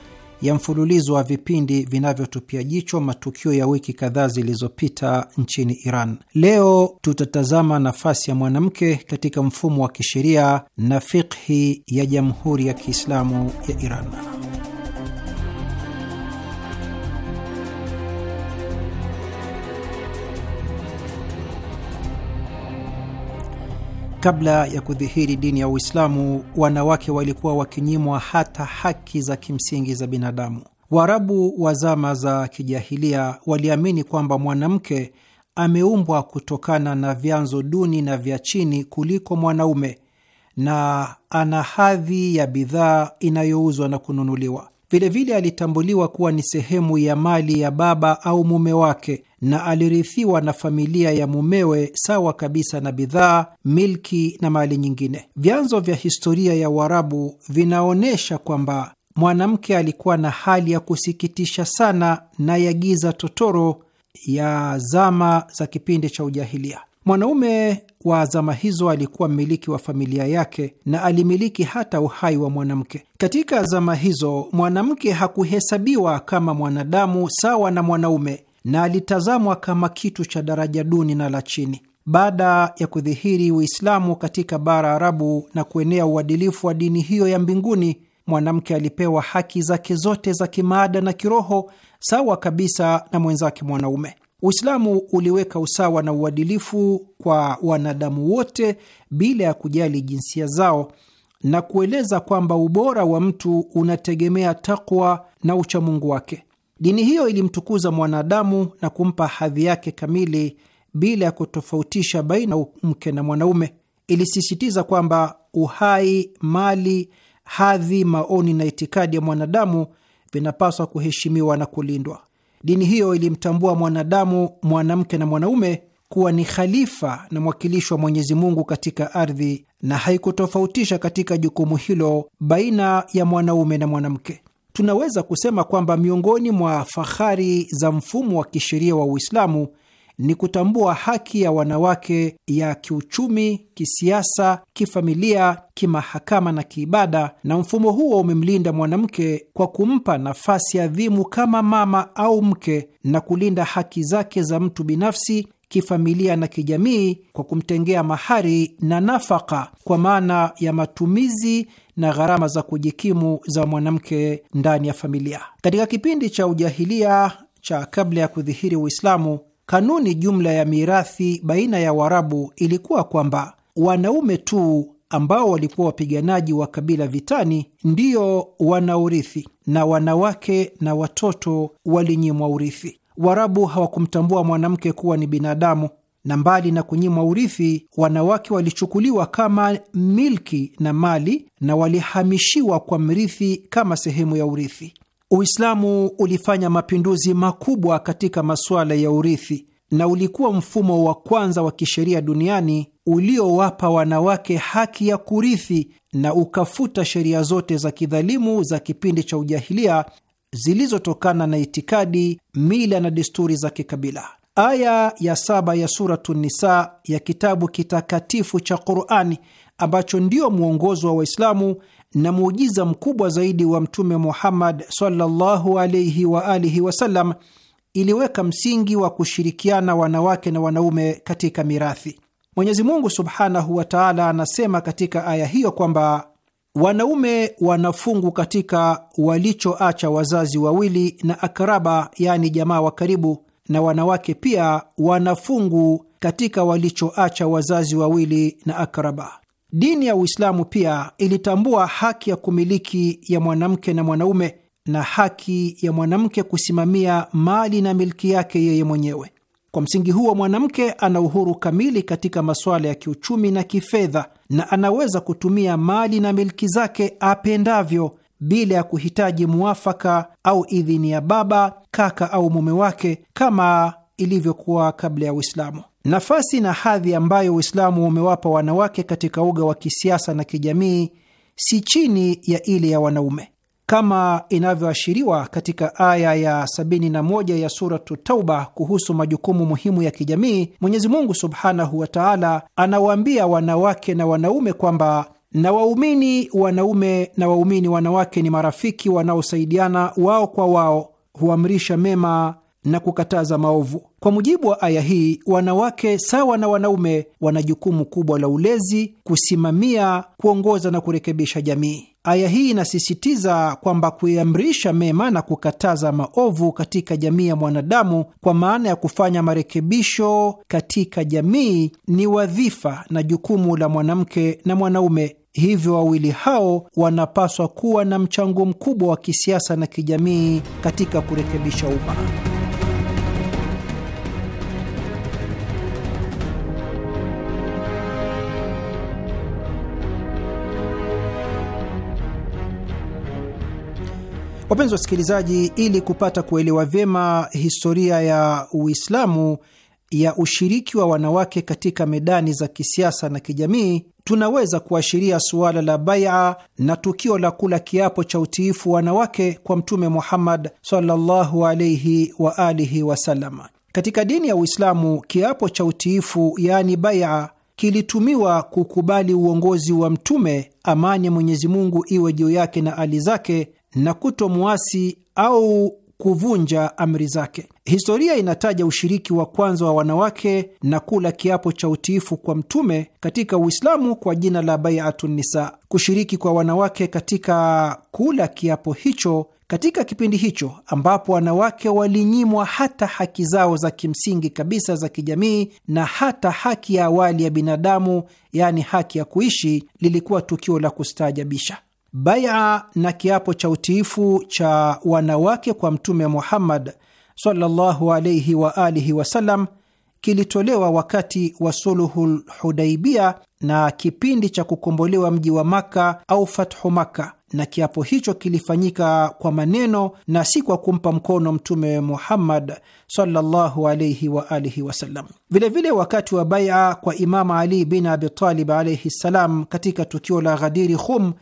ya mfululizo wa vipindi vinavyotupia jicho matukio ya wiki kadhaa zilizopita nchini Iran. Leo tutatazama nafasi ya mwanamke katika mfumo wa kisheria na fikhi ya Jamhuri ya Kiislamu ya Iran. Kabla ya kudhihiri dini ya Uislamu, wanawake walikuwa wakinyimwa hata haki za kimsingi za binadamu. Waarabu wa zama za kijahilia waliamini kwamba mwanamke ameumbwa kutokana na vyanzo duni na vya chini kuliko mwanaume na ana hadhi ya bidhaa inayouzwa na kununuliwa. Vilevile alitambuliwa kuwa ni sehemu ya mali ya baba au mume wake na alirithiwa na familia ya mumewe sawa kabisa na bidhaa, milki na mali nyingine. Vyanzo vya historia ya Uarabu vinaonyesha kwamba mwanamke alikuwa na hali ya kusikitisha sana na ya giza totoro ya zama za kipindi cha ujahilia. Mwanaume wa zama hizo alikuwa mmiliki wa familia yake na alimiliki hata uhai wa mwanamke. Katika zama hizo, mwanamke hakuhesabiwa kama mwanadamu sawa na mwanaume na alitazamwa kama kitu cha daraja duni na la chini. Baada ya kudhihiri Uislamu katika bara Arabu na kuenea uadilifu wa dini hiyo ya mbinguni, mwanamke alipewa haki zake zote za kimaada na kiroho sawa kabisa na mwenzake mwanaume. Uislamu uliweka usawa na uadilifu kwa wanadamu wote bila ya kujali jinsia zao na kueleza kwamba ubora wa mtu unategemea takwa na uchamungu wake. Dini hiyo ilimtukuza mwanadamu na kumpa hadhi yake kamili bila ya kutofautisha baina mke na mwanaume. Ilisisitiza kwamba uhai, mali, hadhi, maoni na itikadi ya mwanadamu vinapaswa kuheshimiwa na kulindwa. Dini hiyo ilimtambua mwanadamu, mwanamke na mwanaume kuwa ni khalifa na mwakilishi wa Mwenyezi Mungu katika ardhi na haikutofautisha katika jukumu hilo baina ya mwanaume na mwanamke. Tunaweza kusema kwamba miongoni mwa fahari za mfumo wa kisheria wa Uislamu ni kutambua haki ya wanawake ya kiuchumi, kisiasa, kifamilia, kimahakama na kiibada, na mfumo huo umemlinda mwanamke kwa kumpa nafasi adhimu kama mama au mke na kulinda haki zake za mtu binafsi kifamilia na kijamii kwa kumtengea mahari na nafaka kwa maana ya matumizi na gharama za kujikimu za mwanamke ndani ya familia. Katika kipindi cha ujahilia cha kabla ya kudhihiri Uislamu, Kanuni jumla ya mirathi baina ya Waarabu ilikuwa kwamba wanaume tu ambao walikuwa wapiganaji wa kabila vitani ndio wanaurithi na wanawake na watoto walinyimwa urithi. Waarabu hawakumtambua mwanamke kuwa ni binadamu, na mbali na kunyimwa urithi, wanawake walichukuliwa kama milki na mali na walihamishiwa kwa mrithi kama sehemu ya urithi. Uislamu ulifanya mapinduzi makubwa katika masuala ya urithi na ulikuwa mfumo wa kwanza wa kisheria duniani uliowapa wanawake haki ya kurithi na ukafuta sheria zote za kidhalimu za kipindi cha ujahilia zilizotokana na itikadi, mila na desturi za kikabila. Aya ya saba ya Suratu Nisa ya kitabu kitakatifu cha Qurani ambacho ndio mwongozo wa Waislamu na muujiza mkubwa zaidi wa Mtume Muhammad sallallahu alaihi wa alihi wasallam iliweka msingi wa kushirikiana wanawake na wanaume katika mirathi. Mwenyezi Mungu subhanahu wa taala anasema katika aya hiyo kwamba wanaume wanafungu katika walichoacha wazazi wawili na akraba, yaani jamaa wa karibu, na wanawake pia wanafungu katika walichoacha wazazi wawili na akraba. Dini ya Uislamu pia ilitambua haki ya kumiliki ya mwanamke na mwanaume na haki ya mwanamke kusimamia mali na milki yake yeye mwenyewe. Kwa msingi huo, mwanamke ana uhuru kamili katika masuala ya kiuchumi na kifedha na anaweza kutumia mali na milki zake apendavyo bila ya kuhitaji mwafaka au idhini ya baba, kaka au mume wake kama ilivyokuwa kabla ya Uislamu. Nafasi na hadhi ambayo Uislamu umewapa wanawake katika uga wa kisiasa na kijamii si chini ya ile ya wanaume kama inavyoashiriwa katika aya ya 71 ya Suratu Tauba kuhusu majukumu muhimu ya kijamii. Mwenyezi Mungu subhanahu wa taala anawaambia wanawake na wanaume kwamba na waumini wanaume na waumini wanawake ni marafiki wanaosaidiana wao kwa wao, huamrisha mema na kukataza maovu kwa mujibu wa aya hii, wanawake sawa na wanaume wana jukumu kubwa la ulezi, kusimamia, kuongoza na kurekebisha jamii. Aya hii inasisitiza kwamba kuiamrisha mema na kukataza maovu katika jamii ya mwanadamu, kwa maana ya kufanya marekebisho katika jamii, ni wadhifa na jukumu la mwanamke na mwanaume. Hivyo wawili hao wanapaswa kuwa na mchango mkubwa wa kisiasa na kijamii katika kurekebisha umma. Wapenzi wasikilizaji, ili kupata kuelewa vyema historia ya Uislamu ya ushiriki wa wanawake katika medani za kisiasa na kijamii, tunaweza kuashiria suala la baia na tukio la kula kiapo cha utiifu wanawake kwa Mtume Muhammad sallallahu alaihi wa alihi wasallam. Katika dini ya Uislamu, kiapo cha utiifu yaani baia kilitumiwa kukubali uongozi wa Mtume, amani ya Mwenyezi Mungu iwe juu yake na ali zake, na kutomwasi au kuvunja amri zake. Historia inataja ushiriki wa kwanza wa wanawake na kula kiapo cha utiifu kwa mtume katika Uislamu kwa jina la Baiatu nisa. Kushiriki kwa wanawake katika kula kiapo hicho katika kipindi hicho ambapo wanawake walinyimwa hata haki zao za kimsingi kabisa za kijamii na hata haki ya awali ya binadamu, yaani haki ya kuishi, lilikuwa tukio la kustaajabisha. Baia na kiapo cha utiifu cha wanawake kwa Mtume Muhammad sallallahu alayhi wa alihi wasallam kilitolewa wakati wa Suluhul Hudaibia na kipindi cha kukombolewa mji wa Makka au Fathu Makka, na kiapo hicho kilifanyika kwa maneno na si kwa kumpa mkono Mtume Muhammad sallallahu alayhi wa alihi wasallam. Vilevile, wakati wa baia kwa Imamu Ali bin Abi Talib alayhi ssalam, katika tukio la Ghadiri Khum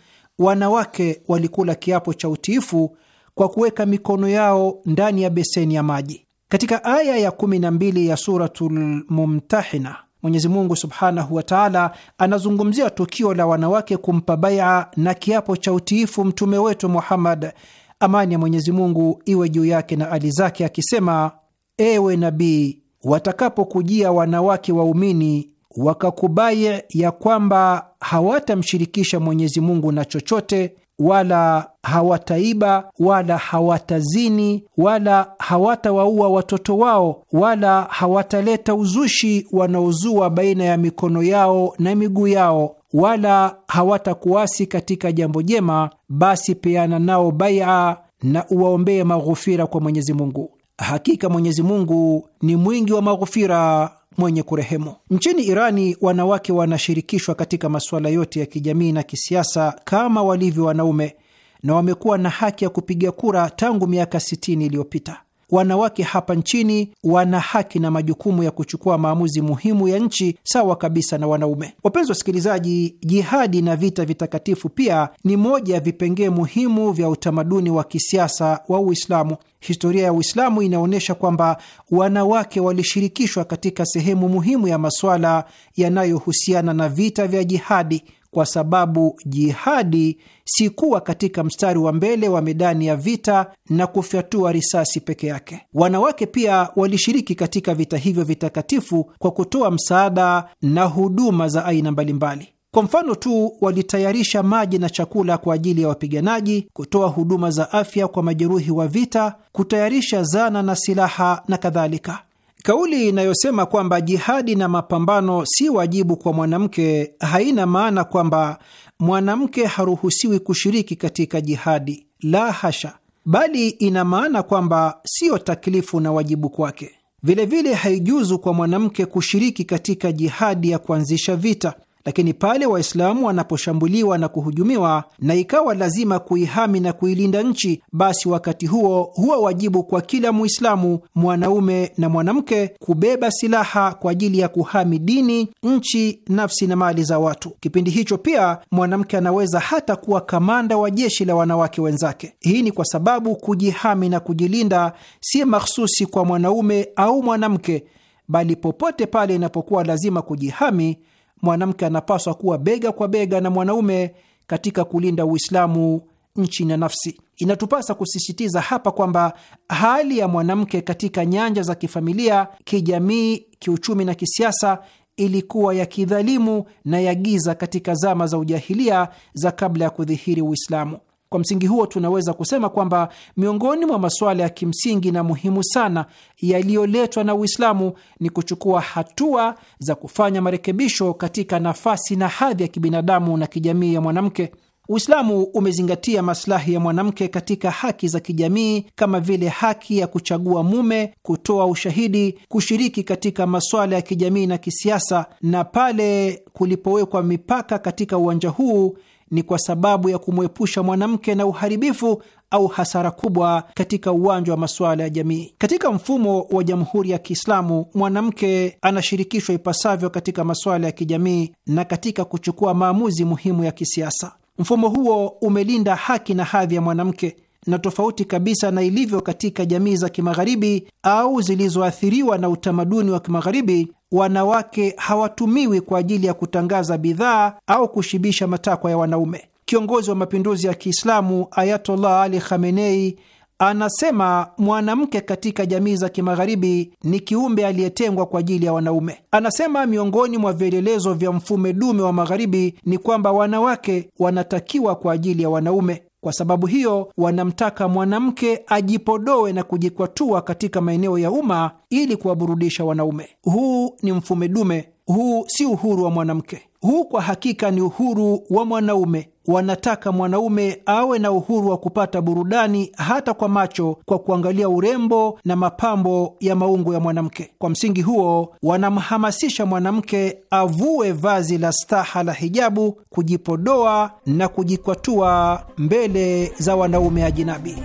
wanawake walikula kiapo cha utiifu kwa kuweka mikono yao ndani ya beseni ya maji. Katika aya ya 12 ya Suratul Mumtahina, Mwenyezi Mungu subhanahu wa taala anazungumzia tukio la wanawake kumpa baia na kiapo cha utiifu mtume wetu Muhammad, amani ya Mwenyezi Mungu iwe juu yake na ali zake, akisema: ewe nabii, watakapokujia wanawake waumini wakakubai ya kwamba hawatamshirikisha Mwenyezi Mungu na chochote wala hawataiba wala hawatazini wala hawatawaua watoto wao wala hawataleta uzushi wanaozua baina ya mikono yao na miguu yao wala hawatakuasi katika jambo jema, basi peana nao baia na uwaombee maghufira kwa Mwenyezi Mungu. Hakika Mwenyezi Mungu ni mwingi wa maghufira mwenye kurehemu. Nchini Irani, wanawake wanashirikishwa katika masuala yote ya kijamii na kisiasa kama walivyo wanaume na wamekuwa na haki ya kupiga kura tangu miaka 60 iliyopita wanawake hapa nchini wana haki na majukumu ya kuchukua maamuzi muhimu ya nchi sawa kabisa na wanaume. Wapenzi wasikilizaji, jihadi na vita vitakatifu pia ni moja ya vipengee muhimu vya utamaduni wa kisiasa wa Uislamu. Historia ya Uislamu inaonyesha kwamba wanawake walishirikishwa katika sehemu muhimu ya masuala yanayohusiana na vita vya jihadi kwa sababu jihadi si kuwa katika mstari wa mbele wa medani ya vita na kufyatua risasi peke yake. Wanawake pia walishiriki katika vita hivyo vitakatifu kwa kutoa msaada na huduma za aina mbalimbali. Kwa mfano tu, walitayarisha maji na chakula kwa ajili ya wapiganaji, kutoa huduma za afya kwa majeruhi wa vita, kutayarisha zana na silaha na kadhalika. Kauli inayosema kwamba jihadi na mapambano si wajibu kwa mwanamke haina maana kwamba mwanamke haruhusiwi kushiriki katika jihadi, la hasha, bali ina maana kwamba siyo taklifu na wajibu kwake. Vilevile haijuzu kwa mwanamke kushiriki katika jihadi ya kuanzisha vita, lakini pale Waislamu wanaposhambuliwa na kuhujumiwa na ikawa lazima kuihami na kuilinda nchi, basi wakati huo huwa wajibu kwa kila Muislamu, mwanaume na mwanamke, kubeba silaha kwa ajili ya kuhami dini, nchi, nafsi na mali za watu. Kipindi hicho pia mwanamke anaweza hata kuwa kamanda wa jeshi la wanawake wenzake. Hii ni kwa sababu kujihami na kujilinda si mahsusi kwa mwanaume au mwanamke, bali popote pale inapokuwa lazima kujihami mwanamke anapaswa kuwa bega kwa bega na mwanaume katika kulinda Uislamu nchi na nafsi. Inatupasa kusisitiza hapa kwamba hali ya mwanamke katika nyanja za kifamilia, kijamii, kiuchumi na kisiasa ilikuwa ya kidhalimu na ya giza katika zama za ujahilia za kabla ya kudhihiri Uislamu. Kwa msingi huo, tunaweza kusema kwamba miongoni mwa masuala ya kimsingi na muhimu sana yaliyoletwa na Uislamu ni kuchukua hatua za kufanya marekebisho katika nafasi na hadhi ya kibinadamu na kijamii ya mwanamke. Uislamu umezingatia maslahi ya mwanamke katika haki za kijamii kama vile haki ya kuchagua mume, kutoa ushahidi, kushiriki katika masuala ya kijamii na kisiasa, na pale kulipowekwa mipaka katika uwanja huu ni kwa sababu ya kumwepusha mwanamke na uharibifu au hasara kubwa katika uwanja wa masuala ya jamii. Katika mfumo wa Jamhuri ya Kiislamu, mwanamke anashirikishwa ipasavyo katika masuala ya kijamii na katika kuchukua maamuzi muhimu ya kisiasa. Mfumo huo umelinda haki na hadhi ya mwanamke na tofauti kabisa na ilivyo katika jamii za kimagharibi au zilizoathiriwa na utamaduni wa kimagharibi, wanawake hawatumiwi kwa ajili ya kutangaza bidhaa au kushibisha matakwa ya wanaume. Kiongozi wa mapinduzi ya Kiislamu Ayatollah Ali Khamenei anasema mwanamke katika jamii za kimagharibi ni kiumbe aliyetengwa kwa ajili ya wanaume. Anasema miongoni mwa vielelezo vya mfumo dume wa magharibi ni kwamba wanawake wanatakiwa kwa ajili ya wanaume. Kwa sababu hiyo, wanamtaka mwanamke ajipodoe na kujikwatua katika maeneo ya umma ili kuwaburudisha wanaume. Huu ni mfumo dume, huu si uhuru wa mwanamke. Huu kwa hakika ni uhuru wa mwanaume. Wanataka mwanaume awe na uhuru wa kupata burudani hata kwa macho, kwa kuangalia urembo na mapambo ya maungo ya mwanamke. Kwa msingi huo, wanamhamasisha mwanamke avue vazi la staha la hijabu, kujipodoa na kujikwatua mbele za wanaume ajinabi.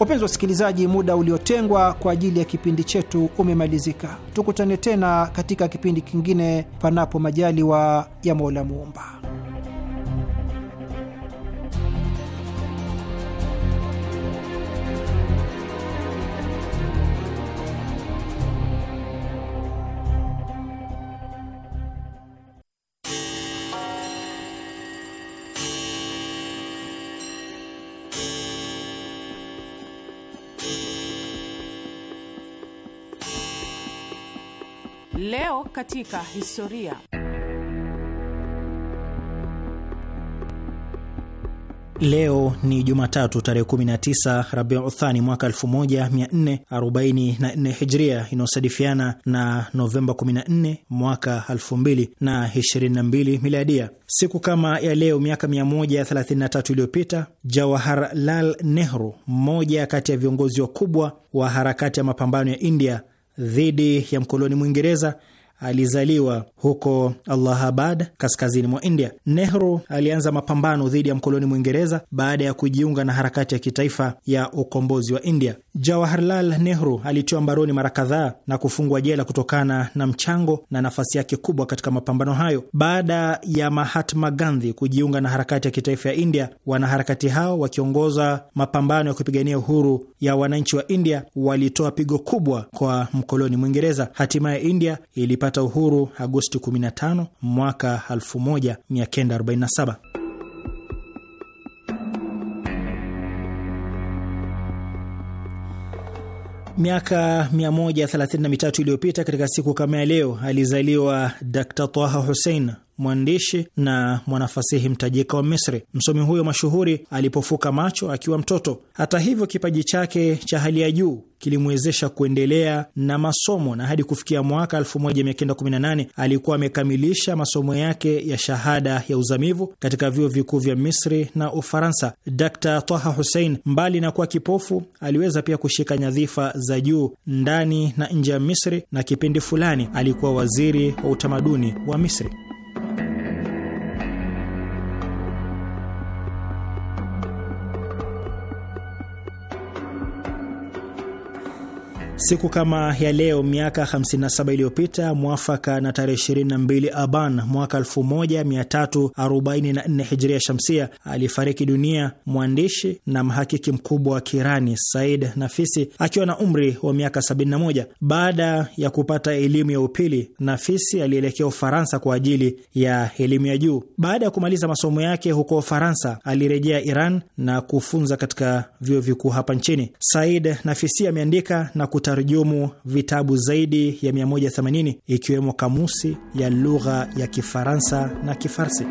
Wapenzi wasikilizaji, muda uliotengwa kwa ajili ya kipindi chetu umemalizika. Tukutane tena katika kipindi kingine, panapo majaliwa ya Mola Muumba. Leo katika historia. Leo ni Jumatatu tarehe 19 Rabiuthani mwaka 1444 Hijria, inayosadifiana na Novemba 14 mwaka 2022 Miladia. Siku kama ya leo miaka 133 iliyopita, jawahar lal Nehru, mmoja kati ya viongozi wakubwa wa harakati ya mapambano ya India dhidi ya mkoloni Mwingereza alizaliwa huko Allahabad, kaskazini mwa India. Nehru alianza mapambano dhidi ya mkoloni Mwingereza baada ya kujiunga na harakati ya kitaifa ya ukombozi wa India. Jawaharlal Nehru alitiwa mbaroni mara kadhaa na kufungwa jela kutokana na mchango na nafasi yake kubwa katika mapambano hayo. Baada ya Mahatma Gandhi kujiunga na harakati ya kitaifa ya India, wanaharakati hao wakiongoza mapambano ya kupigania uhuru ya wananchi wa India walitoa pigo kubwa kwa mkoloni Mwingereza. Hatimaye India ilipata ilipata uhuru Agosti 15 mwaka 1947. Miaka 133 iliyopita katika siku kama ya leo alizaliwa Dr Taha Hussein, mwandishi na mwanafasihi mtajika wa Misri. Msomi huyo mashuhuri alipofuka macho akiwa mtoto. Hata hivyo, kipaji chake cha hali ya juu kilimwezesha kuendelea na masomo na hadi kufikia mwaka 1918 alikuwa amekamilisha masomo yake ya shahada ya uzamivu katika vyuo vikuu vya Misri na Ufaransa. Dr Taha Hussein, mbali na kuwa kipofu, aliweza pia kushika nyadhifa za juu ndani na nje ya Misri, na kipindi fulani alikuwa waziri wa utamaduni wa Misri. Siku kama ya leo miaka 57 iliyopita mwafaka na tarehe 22 Aban mwaka 1344 Hijria Shamsia, alifariki dunia mwandishi na mhakiki mkubwa wa Kirani Said Nafisi akiwa na umri wa miaka 71. Baada ya kupata elimu ya upili, Nafisi alielekea Ufaransa kwa ajili ya elimu ya juu. Baada ya kumaliza masomo yake huko Ufaransa, alirejea Iran na kufunza katika vyuo vikuu hapa nchini. Said Nafisi ameandika na kuta kutarujumu vitabu zaidi ya 180 ikiwemo kamusi ya lugha ya Kifaransa na Kifarsi.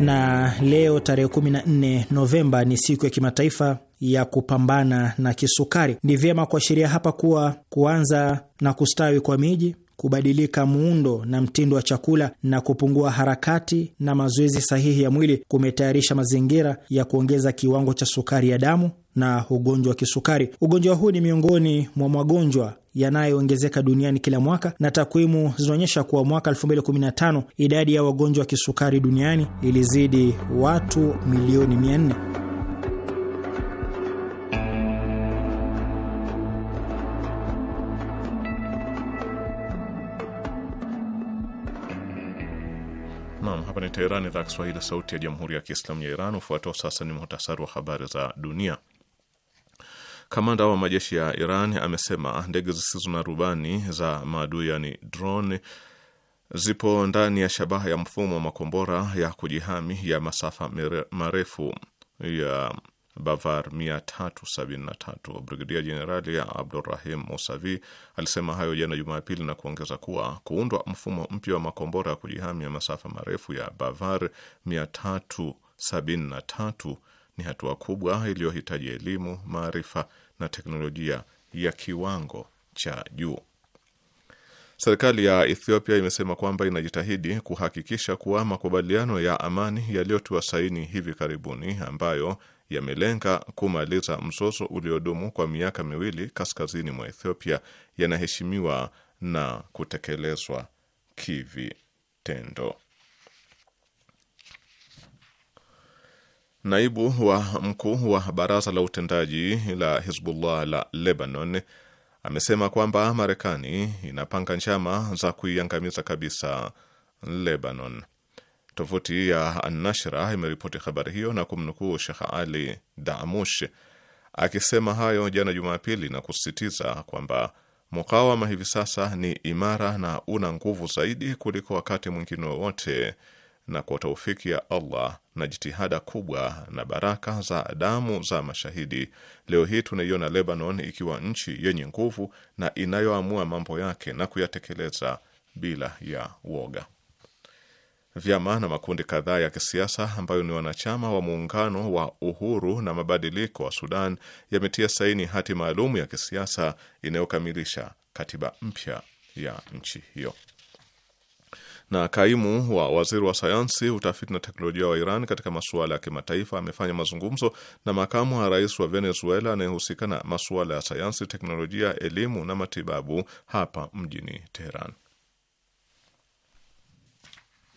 Na leo tarehe 14 Novemba ni siku ya kimataifa ya kupambana na kisukari. Ni vyema kuashiria hapa kuwa kuanza na kustawi kwa miji kubadilika muundo na mtindo wa chakula na kupungua harakati na mazoezi sahihi ya mwili kumetayarisha mazingira ya kuongeza kiwango cha sukari ya damu na ugonjwa wa kisukari. Ugonjwa huu ni miongoni mwa magonjwa yanayoongezeka duniani kila mwaka, na takwimu zinaonyesha kuwa mwaka 2015 idadi ya wagonjwa wa kisukari duniani ilizidi watu milioni 400. ni Teherani, idhaa Kiswahili, sauti ya jamhuri ya kiislamu ya Iran. Ufuatao sasa ni muhtasari wa habari za dunia. Kamanda wa majeshi ya Iran amesema ndege zisizo na rubani za maadui, yani drone, zipo ndani ya shabaha ya mfumo wa makombora ya kujihami ya masafa marefu ya Bavar 373. Brigedia Jenerali Abdurrahim Musavi alisema hayo jana Jumapili na kuongeza kuwa kuundwa mfumo mpya wa makombora ya kujihami ya masafa marefu ya Bavar 373 ni hatua kubwa iliyohitaji elimu, maarifa na teknolojia ya kiwango cha juu. Serikali ya Ethiopia imesema kwamba inajitahidi kuhakikisha kuwa makubaliano ya amani yaliyotiwa saini hivi karibuni ambayo yamelenga kumaliza mzozo uliodumu kwa miaka miwili kaskazini mwa Ethiopia yanaheshimiwa na kutekelezwa kivitendo. Naibu wa mkuu wa baraza la utendaji la Hizbullah la Lebanon amesema kwamba Marekani inapanga njama za kuiangamiza kabisa Lebanon. Tovuti ya anashra imeripoti habari hiyo na kumnukuu Shekh Ali Damush akisema hayo jana Jumapili na kusisitiza kwamba mukawama hivi sasa ni imara na una nguvu zaidi kuliko wakati mwingine wowote, na kwa taufiki ya Allah na jitihada kubwa na baraka za damu za mashahidi, leo hii tunaiona Lebanon ikiwa nchi yenye nguvu na inayoamua mambo yake na kuyatekeleza bila ya woga vyama na makundi kadhaa ya kisiasa ambayo ni wanachama wa muungano wa uhuru na mabadiliko wa Sudan yametia saini hati maalum ya kisiasa inayokamilisha katiba mpya ya nchi hiyo. Na kaimu wa waziri wa sayansi, utafiti na teknolojia wa Iran katika masuala ya kimataifa amefanya mazungumzo na makamu wa rais wa Venezuela anayehusika na masuala ya sayansi, teknolojia, elimu na matibabu hapa mjini Teheran.